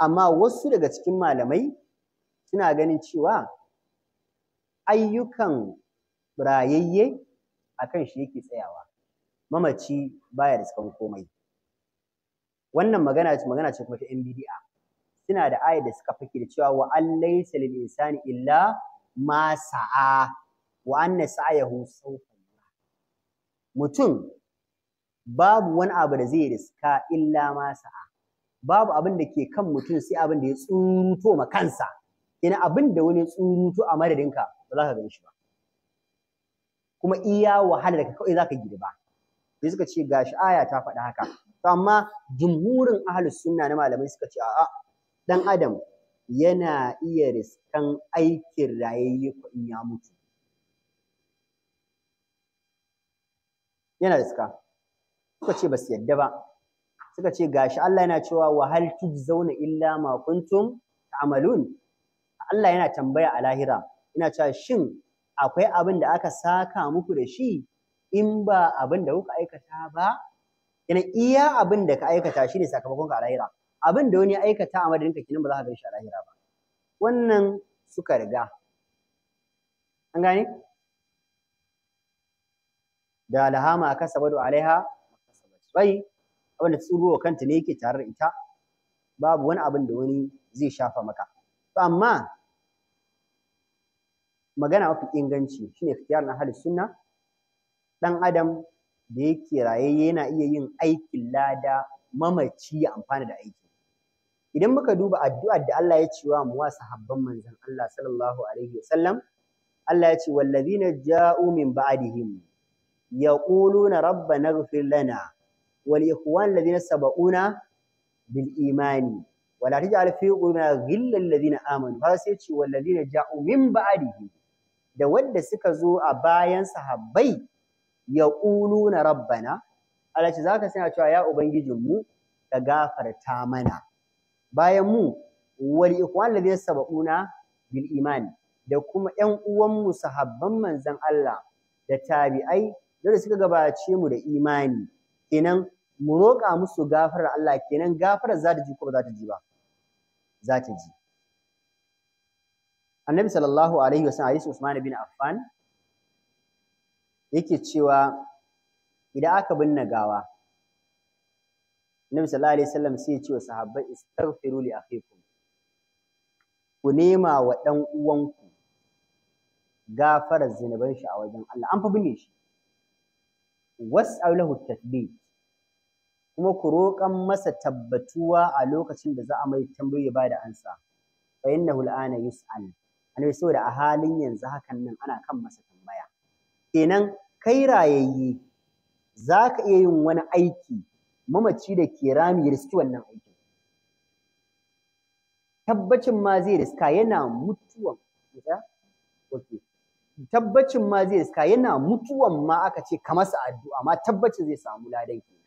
amma wasu daga cikin malamai suna ganin cewa ayyukan rayayye a kan shi yake tsayawa mamaci baya riskan komai wannan magana ce magana ce kuma ta yan bidi'a suna da ayar da suka fake da cewa wa allaysa lil insani illa ma sa'a wa anna sa'ahu sawfa mutum babu wani abu da zai riska illa ma sa'a babu abin da ke kan mutum sai abin da ya tsuruto ma kansa ina abin da wani tsuruto a madadinka ba za ka gani shi ba kuma iya wahala da kawai za ka girba sai suka ce gashi aya ta faɗi haka to amma jumhurin ahlus sunna na malamai suka ce a'a dan adam yana iya riskan aikin rayayye in ya mutu yana riska suka ce ba su yadda ba suka ce gashi Allah yana cewa wa hal tujzauna illa ma kuntum ta'malun Allah yana tambaya a lahira ina cewa shin akwai abin da aka saka muku da shi in ba abin da kuka aikata ba yana iya abin da ka aikata shine sakamakon ka a lahira abin da wani aikata a madadin ka kinan ba za ka gaishe a lahira ba wannan suka riga an gane da lahama kasabadu alaiha bai wanda tsuruwa kanta ne yake tare da ita babu wani abin da wani zai shafa maka to amma magana mafi inganci shine ikhtiyar na hali sunna ɗan adam da yake raye yana iya yin aikin lada mamaci ya amfana da aiki idan muka duba addu'ar da Allah ya ce wa mu wasa sahabban manzon Allah sallallahu alaihi wasallam Allah ya ce wallazina ja'u min ba'dihim yaquluna na ighfir lana wal ikhwan alladhina sabaquna bil imani wala taj'al fi qulubina ghillan alladhina amanu har sai ce wal ladina ja'u da wanda suka zo a bayan sahabbai ya yaquluna rabbana Allah ce zaka suna cewa ya ubangijinmu ka gafarta mana bayan mu wal ikhwan alladhina saba'una bil imani da kuma ‘yan uwanmu sahabban manzan Allah da tabi'ai da suka gabace mu da imani, kenan mu roƙa musu gafarar Allah kenan gafarar za ta ji ko ba za ta ji ba za ta ji annabi sallallahu alaihi wa sallam Usman bin Affan yake cewa idan aka binne gawa annabi sallallahu alaihi wasallam sai ya ce wa sahabbai istaghfiru li akhikum ku nema wa dan uwanku gafarar zinuban shi a wajen Allah an fa binne shi was'alahu tathbit kuma ku roƙan masa tabbatuwa a lokacin da za a mai tambayoyi ya bada ansa fa innahu al'ana yus'al annabi saboda a halin yanzu hakan nan ana kan masa tambaya kenan kai rayayye zaka iya yin wani aiki mamaci da ke rami riski wannan aikin tabbacin ma zai riska yana mutuwan tabbacin ma zai riska yana mutuwan ma aka ce ka masa addu'a ma tabbacin zai samu ladan